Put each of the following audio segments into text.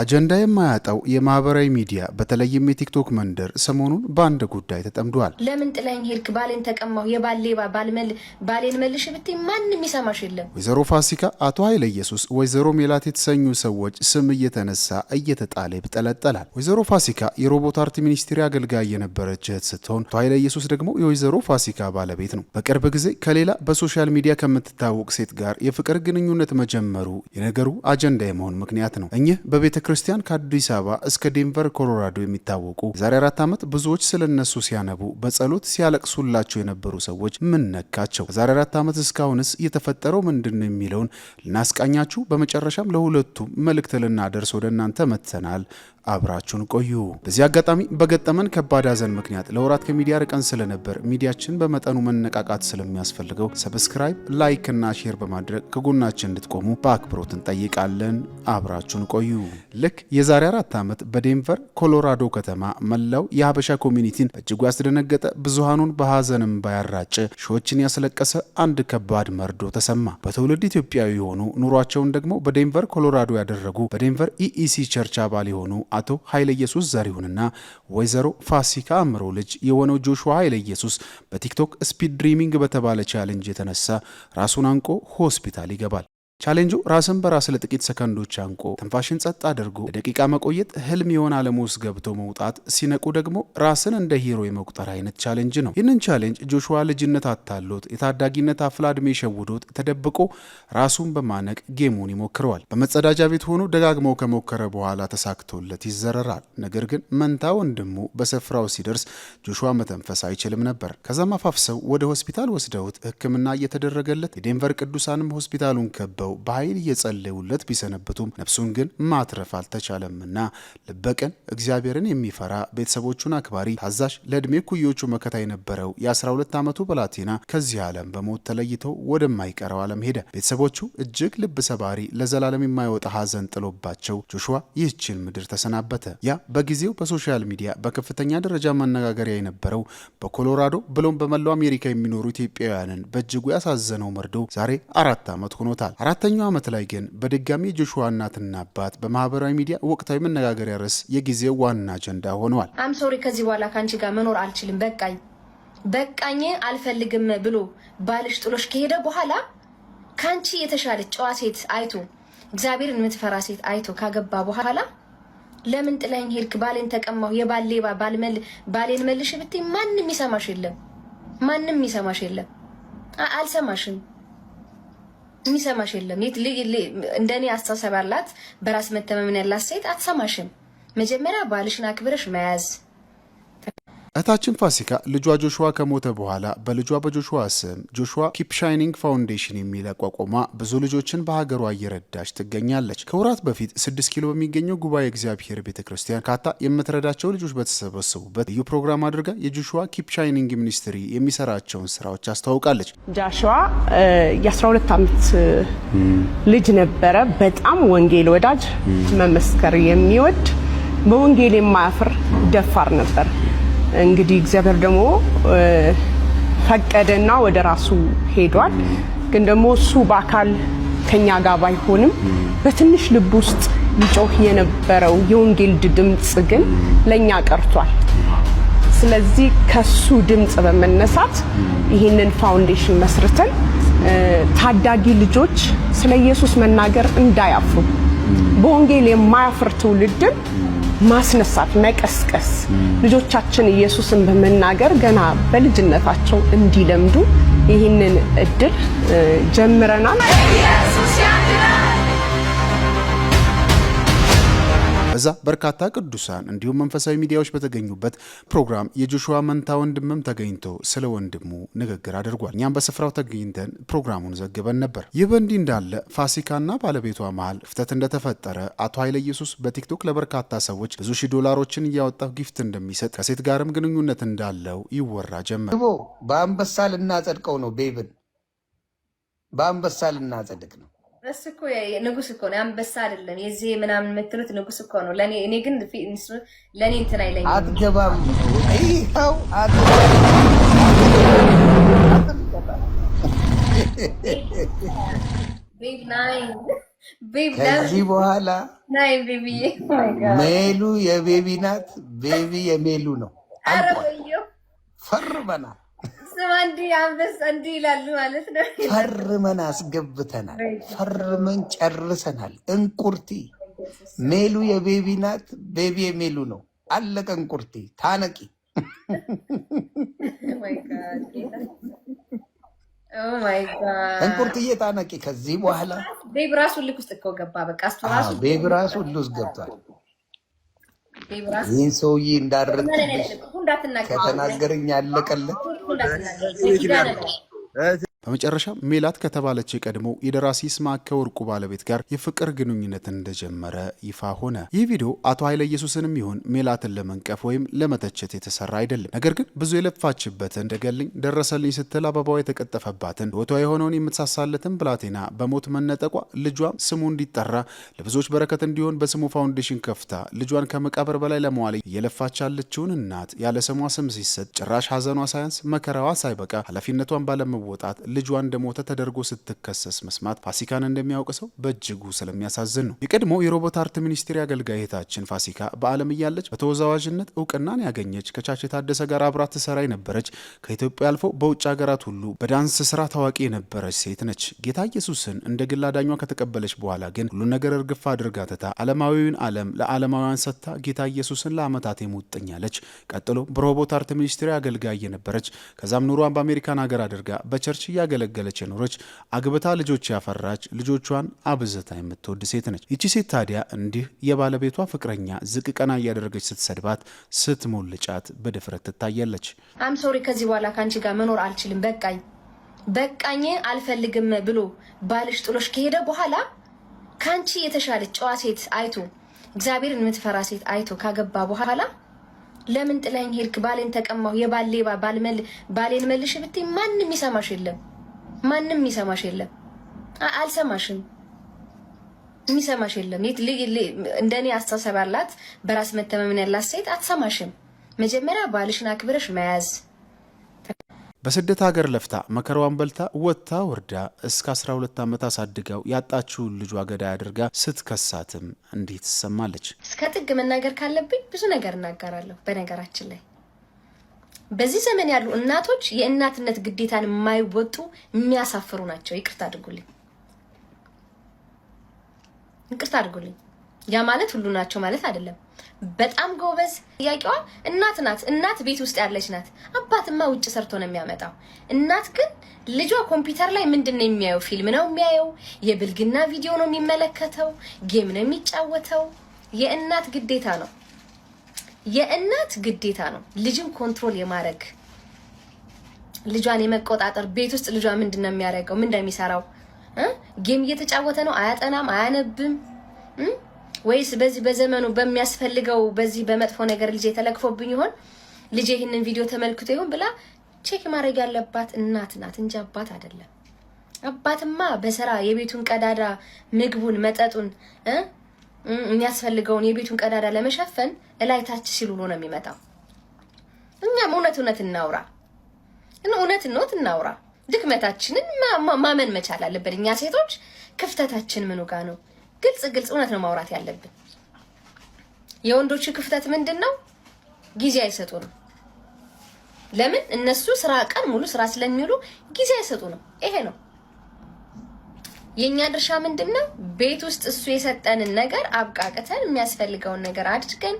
አጀንዳ የማያጣው የማህበራዊ ሚዲያ በተለይም የቲክቶክ መንደር ሰሞኑን በአንድ ጉዳይ ተጠምዷል። ለምን ጥላኝ ሄድክ? ባሌን ተቀማሁ፣ የባሌባ ባልመል ባሌን መልሽ ብትይ ማንም ይሰማሽ የለም። ወይዘሮ ፋሲካ፣ አቶ ኃይለ ኢየሱስ፣ ወይዘሮ ሜላት የተሰኙ ሰዎች ስም እየተነሳ እየተጣለ ይብጠለጠላል። ወይዘሮ ፋሲካ የሮቦት አርት ሚኒስትሪ አገልጋይ የነበረች እህት ስትሆን አቶ ኃይለ ኢየሱስ ደግሞ የወይዘሮ ፋሲካ ባለቤት ነው። በቅርብ ጊዜ ከሌላ በሶሻል ሚዲያ ከምትታወቅ ሴት ጋር የፍቅር ግንኙነት መጀመሩ የነገሩ አጀንዳ የመሆን ምክንያት ነው። እኚህ በቤተ ክርስቲያን ከአዲስ አበባ እስከ ዴንቨር ኮሎራዶ የሚታወቁ የዛሬ አራት ዓመት ብዙዎች ስለ እነሱ ሲያነቡ በጸሎት ሲያለቅሱላቸው የነበሩ ሰዎች ምን ነካቸው? ከዛሬ አራት ዓመት እስካሁንስ የተፈጠረው ምንድን ነው የሚለውን ልናስቃኛችሁ፣ በመጨረሻም ለሁለቱም መልእክት ልናደርስ ወደ እናንተ መጥተናል። አብራችሁን ቆዩ። በዚህ አጋጣሚ በገጠመን ከባድ ሀዘን ምክንያት ለወራት ከሚዲያ ርቀን ስለነበር ሚዲያችን በመጠኑ መነቃቃት ስለሚያስፈልገው ሰብስክራይብ፣ ላይክ እና ሼር በማድረግ ከጎናችን እንድትቆሙ በአክብሮት እንጠይቃለን። አብራችሁን ቆዩ። ልክ የዛሬ አራት ዓመት በዴንቨር ኮሎራዶ ከተማ መላው የሀበሻ ኮሚኒቲን በእጅጉ ያስደነገጠ ብዙሃኑን በሀዘንም ባያራጨ ሺዎችን ያስለቀሰ አንድ ከባድ መርዶ ተሰማ። በትውልድ ኢትዮጵያዊ የሆኑ ኑሯቸውን ደግሞ በዴንቨር ኮሎራዶ ያደረጉ በዴንቨር ኢኢሲ ቸርች አባል የሆኑ አቶ ኃይለ ኢየሱስ ዘሪሁንና ወይዘሮ ፋሲካ አምሮ ልጅ የሆነው ጆሹዋ ኃይለ ኢየሱስ በቲክቶክ ስፒድ ድሪሚንግ በተባለ ቻለንጅ የተነሳ ራሱን አንቆ ሆስፒታል ይገባል። ቻሌንጁ ራስን በራስ ለጥቂት ሰከንዶች አንቆ ትንፋሽን ጸጥ አድርጎ ለደቂቃ መቆየት ህልም የሆነ ዓለም ውስጥ ገብቶ መውጣት፣ ሲነቁ ደግሞ ራስን እንደ ሂሮ የመቁጠር አይነት ቻሌንጅ ነው። ይህንን ቻሌንጅ ጆሹዋ ልጅነት አታሎት የታዳጊነት አፍላ ዕድሜ ሸውዶት ተደብቆ ራሱን በማነቅ ጌሙን ይሞክረዋል። በመጸዳጃ ቤት ሆኖ ደጋግሞ ከሞከረ በኋላ ተሳክቶለት ይዘረራል። ነገር ግን መንታ ወንድሙ በስፍራው ሲደርስ ጆሹዋ መተንፈስ አይችልም ነበር። ከዛም አፋፍሰው ወደ ሆስፒታል ወስደውት ህክምና እየተደረገለት የዴንቨር ቅዱሳንም ሆስፒታሉን ከበው ብለው በኃይል እየጸለዩለት ቢሰነብቱም ነፍሱን ግን ማትረፍ አልተቻለምና ልበቀን እግዚአብሔርን የሚፈራ ቤተሰቦቹን አክባሪ ታዛዥ ለዕድሜ ኩዮቹ መከታ የነበረው የ12 ዓመቱ ብላቴና ከዚህ ዓለም በሞት ተለይቶ ወደማይቀረው ዓለም ሄደ። ቤተሰቦቹ እጅግ ልብ ሰባሪ ለዘላለም የማይወጣ ሐዘን ጥሎባቸው ጆሹዋ ይህችን ምድር ተሰናበተ። ያ በጊዜው በሶሻል ሚዲያ በከፍተኛ ደረጃ መነጋገሪያ የነበረው በኮሎራዶ ብሎም በመላው አሜሪካ የሚኖሩ ኢትዮጵያውያንን በእጅጉ ያሳዘነው መርዶ ዛሬ አራት ዓመት ሆኖታል። አራት አራተኛው ዓመት ላይ ግን በድጋሚ የጆሹዋ እናትና አባት በማህበራዊ ሚዲያ ወቅታዊ መነጋገሪያ ርዕስ የጊዜው ዋና አጀንዳ ሆነዋል። አም ሶሪ ከዚህ በኋላ ከአንቺ ጋር መኖር አልችልም፣ በቃኝ፣ በቃኝ፣ አልፈልግም ብሎ ባልሽ ጥሎሽ ከሄደ በኋላ ከአንቺ የተሻለች ጨዋ ሴት አይቶ እግዚአብሔርን የምትፈራ ሴት አይቶ ካገባ በኋላ ለምን ጥለኝ ሄድክ? ባሌን ተቀማሁ፣ የባል ሌባ ባሌን መልሽ ብትይ ማንም ይሰማሽ የለም፣ ማንም ይሰማሽ የለም፣ አልሰማሽም የሚሰማሽ የለም። እንደኔ አስተሳሰብ ያላት በራስ መተማመን ያላት ሴት አትሰማሽም። መጀመሪያ ባልሽን አክብረሽ መያዝ እህታችን ፋሲካ ልጇ ጆሹዋ ከሞተ በኋላ በልጇ በጆሹዋ ስም ጆሹዋ ኪፕ ሻይኒንግ ፋውንዴሽን የሚል አቋቁማ ብዙ ልጆችን በሀገሯ እየረዳች ትገኛለች። ከወራት በፊት ስድስት ኪሎ በሚገኘው ጉባኤ እግዚአብሔር ቤተ ክርስቲያን ካታ የምትረዳቸው ልጆች በተሰበሰቡበት ልዩ ፕሮግራም አድርጋ የጆሹዋ ኪፕ ሻይኒንግ ሚኒስትሪ የሚሰራቸውን ስራዎች አስተዋውቃለች። ጆሹዋ የ12 ዓመት ልጅ ነበረ። በጣም ወንጌል ወዳጅ፣ መመስከር የሚወድ በወንጌል የማያፍር ደፋር ነበር። እንግዲህ እግዚአብሔር ደግሞ ፈቀደና ወደ ራሱ ሄዷል። ግን ደግሞ እሱ በአካል ከኛ ጋር ባይሆንም በትንሽ ልብ ውስጥ ይጮህ የነበረው የወንጌል ድምፅ ግን ለኛ ቀርቷል። ስለዚህ ከሱ ድምፅ በመነሳት ይህንን ፋውንዴሽን መስርተን ታዳጊ ልጆች ስለ ኢየሱስ መናገር እንዳያፍሩ በወንጌል የማያፍር ትውልድን ማስነሳት፣ መቀስቀስ ልጆቻችን ኢየሱስን በመናገር ገና በልጅነታቸው እንዲለምዱ ይህንን እድል ጀምረናል። ከዛ በርካታ ቅዱሳን እንዲሁም መንፈሳዊ ሚዲያዎች በተገኙበት ፕሮግራም የጆሹዋ መንታ ወንድምም ተገኝቶ ስለ ወንድሙ ንግግር አድርጓል። እኛም በስፍራው ተገኝተን ፕሮግራሙን ዘግበን ነበር። ይህ በእንዲህ እንዳለ ፋሲካና ባለቤቷ መሀል ፍተት እንደተፈጠረ አቶ ኃይለ ኢየሱስ በቲክቶክ ለበርካታ ሰዎች ብዙ ሺህ ዶላሮችን እያወጣ ጊፍት እንደሚሰጥ ከሴት ጋርም ግንኙነት እንዳለው ይወራ ጀመር። በአንበሳ ልናጸድቀው ነው ቤብን በአንበሳ ልናጸድቅ ነው እሱ እኮ ንጉስ እኮ ነው፣ አንበሳ አይደለም። የዚህ ምናምን የምትሉት ንጉስ እኮ ነው። ለእኔ እኔ ግን ለእኔ እንትን አይለኝ። አትገባም፣ ይኸው ከዚህ በኋላ ሜሉ የቤቢ ናት፣ ቤቢ የሜሉ ነው። ፈርመናል ፈርመን አስገብተናል። ፈርመን ጨርሰናል። እንቁርቲ ሜሉ የቤቢ ናት። ቤቢ የሜሉ ነው። አለቀ። እንቁርቲ ታነቂ oh oh እንቁርትዬ ታነቂ። ከዚህ በኋላ ቤብ ራሱ ልክ ውስጥ እኮ ገባ። በቃ ቤብ ራሱ ሁሉ ውስጥ ገብቷል። ይህን ሰውዬ እንዳረግ ከተናገረኝ ያለቀለት እኮ በመጨረሻ ሜላት ከተባለች የቀድሞ የደራሲ ስማከ ወርቁ ባለቤት ጋር የፍቅር ግንኙነትን እንደጀመረ ይፋ ሆነ። ይህ ቪዲዮ አቶ ኃይለ ኢየሱስንም ይሁን ሜላትን ለመንቀፍ ወይም ለመተቸት የተሰራ አይደለም። ነገር ግን ብዙ የለፋችበትን ደገልኝ ደረሰልኝ ስትል አበባዋ የተቀጠፈባትን ሕይወቷ የሆነውን የምትሳሳለትን ብላቴና በሞት መነጠቋ ልጇም ስሙ እንዲጠራ ለብዙዎች በረከት እንዲሆን በስሙ ፋውንዴሽን ከፍታ ልጇን ከመቃብር በላይ ለመዋል እየለፋች ያለችውን እናት ያለ ስሟ ስም ሲሰጥ ጭራሽ ሀዘኗ ሳያንስ መከራዋ ሳይበቃ ኃላፊነቷን ባለመወጣት ልጇ እንደሞተ ተደርጎ ስትከሰስ መስማት ፋሲካን እንደሚያውቅ ሰው በእጅጉ ስለሚያሳዝን ነው። የቀድሞ የሮቦት አርት ሚኒስቴር አገልጋይ እህታችን ፋሲካ በዓለም እያለች በተወዛዋዥነት እውቅናን ያገኘች ከቻች ታደሰ ጋር አብራ ትሰራ የነበረች ከኢትዮጵያ አልፎ በውጭ ሀገራት ሁሉ በዳንስ ስራ ታዋቂ የነበረች ሴት ነች። ጌታ ኢየሱስን እንደ ግል አዳኟ ከተቀበለች በኋላ ግን ሁሉን ነገር እርግፋ አድርጋ ትታ ዓለማዊውን ዓለም ለዓለማውያን ሰጥታ ጌታ ኢየሱስን ለአመታት የሙጥኛለች። ቀጥሎ በሮቦት አርት ሚኒስቴር አገልጋይ የነበረች ከዛም ኑሯን በአሜሪካን ሀገር አድርጋ በቸርች እያገለገለች የኖረች አግብታ ልጆች ያፈራች ልጆቿን አብዝታ የምትወድ ሴት ነች። ይቺ ሴት ታዲያ እንዲህ የባለቤቷ ፍቅረኛ ዝቅ ቀና እያደረገች ስትሰድባት፣ ስትሞልጫት በድፍረት ትታያለች። አም ሶሪ ከዚህ በኋላ ከአንቺ ጋር መኖር አልችልም፣ በቃኝ በቃኝ አልፈልግም ብሎ ባልሽ ጥሎሽ ከሄደ በኋላ ከአንቺ የተሻለች ጨዋ ሴት አይቶ እግዚአብሔርን የምትፈራ ሴት አይቶ ካገባ በኋላ ለምን ጥለኝ ሄድክ? ባሌን ተቀማሁ፣ የባሌ ባሌን መልሽ ብትይ ማንም ይሰማሽ የለም። ማንም የሚሰማሽ የለም። አልሰማሽም፣ የሚሰማሽ የለም። እንደኔ አስተሳሰብ ያላት በራስ መተማመን ያላት ሴት አትሰማሽም። መጀመሪያ ባልሽን አክብረሽ መያዝ በስደት ሀገር ለፍታ መከራዋን በልታ ወጥታ ወርዳ እስከ 12 ዓመት አሳድገው ያጣችውን ልጇ ገዳይ አድርጋ ስትከሳትም እንዴት ትሰማለች? እስከ ጥግ መናገር ካለብኝ ብዙ ነገር እናገራለሁ። በነገራችን ላይ በዚህ ዘመን ያሉ እናቶች የእናትነት ግዴታን የማይወጡ የሚያሳፍሩ ናቸው። ይቅርታ አድርጉልኝ፣ ይቅርታ አድርጉልኝ። ያ ማለት ሁሉ ናቸው ማለት አይደለም። በጣም ጎበዝ ጥያቄዋ እናት ናት። እናት ቤት ውስጥ ያለች ናት። አባትማ ውጭ ሰርቶ ነው የሚያመጣው። እናት ግን ልጇ ኮምፒውተር ላይ ምንድን ነው የሚያየው? ፊልም ነው የሚያየው፣ የብልግና ቪዲዮ ነው የሚመለከተው፣ ጌም ነው የሚጫወተው። የእናት ግዴታ ነው። የእናት ግዴታ ነው ልጅን ኮንትሮል የማድረግ ልጇን የመቆጣጠር ቤት ውስጥ ልጇ ምንድን ነው የሚያደርገው? ምን የሚሰራው ጌም እየተጫወተ ነው? አያጠናም? አያነብም? ወይስ በዚህ በዘመኑ በሚያስፈልገው በዚህ በመጥፎ ነገር ልጅ ተለክፎብኝ ይሆን ልጅ ይህንን ቪዲዮ ተመልክቶ ይሆን ብላ ቼክ ማድረግ ያለባት እናት ናት እንጂ አባት አይደለም። አባትማ በስራ የቤቱን ቀዳዳ ምግቡን፣ መጠጡን የሚያስፈልገውን የቤቱን ቀዳዳ ለመሸፈን እላይ ታች ሲሉ ነው የሚመጣው። እኛም እውነት እውነት እናውራ እውነት ኖት እናውራ። ድክመታችንን ማመን መቻል አለብን። እኛ ሴቶች ክፍተታችን ምኑ ጋ ነው? ግልጽ ግልጽ እውነት ነው ማውራት ያለብን። የወንዶች ክፍተት ምንድን ነው? ጊዜ አይሰጡ ነው። ለምን? እነሱ ስራ ቀን ሙሉ ስራ ስለሚውሉ ጊዜ አይሰጡ ነው። ይሄ ነው። የእኛ ድርሻ ምንድን ነው? ቤት ውስጥ እሱ የሰጠንን ነገር አብቃቅተን የሚያስፈልገውን ነገር አድርገን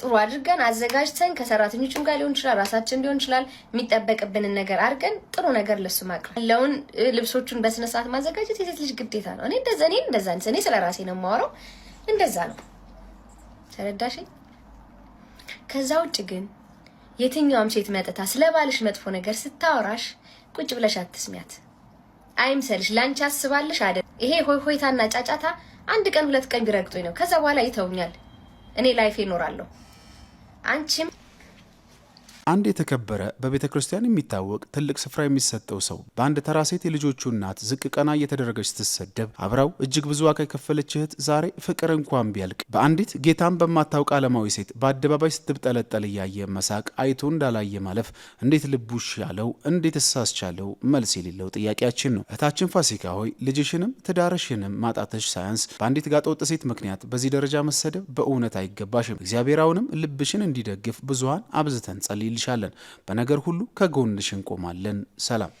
ጥሩ አድርገን አዘጋጅተን ከሰራተኞችም ጋር ሊሆን ይችላል፣ ራሳችን ሊሆን ይችላል። የሚጠበቅብንን ነገር አድርገን ጥሩ ነገር ለሱ ማቅረብ ያለውን ልብሶቹን በስነስርዓት ማዘጋጀት የሴት ልጅ ግዴታ ነው። እኔ እንደዛ እኔ እንደዛ እኔ ስለ ራሴ ነው የማወራው። እንደዛ ነው ተረዳሽ? ከዛ ውጭ ግን የትኛውም ሴት መጥታ ስለ ባልሽ መጥፎ ነገር ስታወራሽ ቁጭ ብለሽ አትስሚያት። አይምሰልሽ፣ ላንቺ አስባለሽ አይደል? ይሄ ሆይ ሆይታና ጫጫታ አንድ ቀን ሁለት ቀን ቢረግጡኝ ነው። ከዛ በኋላ ይተውኛል። እኔ ላይፌ እኖራለሁ። አንቺም አንድ የተከበረ በቤተ ክርስቲያን የሚታወቅ ትልቅ ስፍራ የሚሰጠው ሰው በአንድ ተራ ሴት የልጆቹ እናት ዝቅ ቀና እየተደረገች ስትሰደብ አብራው እጅግ ብዙ ዋጋ የከፈለች እህት ዛሬ ፍቅር እንኳን ቢያልቅ በአንዲት ጌታን በማታውቅ ዓለማዊ ሴት በአደባባይ ስትብጠለጠል እያየ መሳቅ አይቶ እንዳላየ ማለፍ እንዴት ልቡሽ ያለው እንዴት እሳስቻለው መልስ የሌለው ጥያቄያችን ነው። እህታችን ፋሲካ ሆይ ልጅሽንም ትዳርሽንም ማጣትሽ ሳያንስ በአንዲት ጋጠወጥ ሴት ምክንያት በዚህ ደረጃ መሰደብ በእውነት አይገባሽም። እግዚአብሔር አሁንም ልብሽን እንዲደግፍ ብዙሀን አብዝተን ጸልይልሽ እንልሻለን። በነገር ሁሉ ከጎንሽ እንቆማለን። ሰላም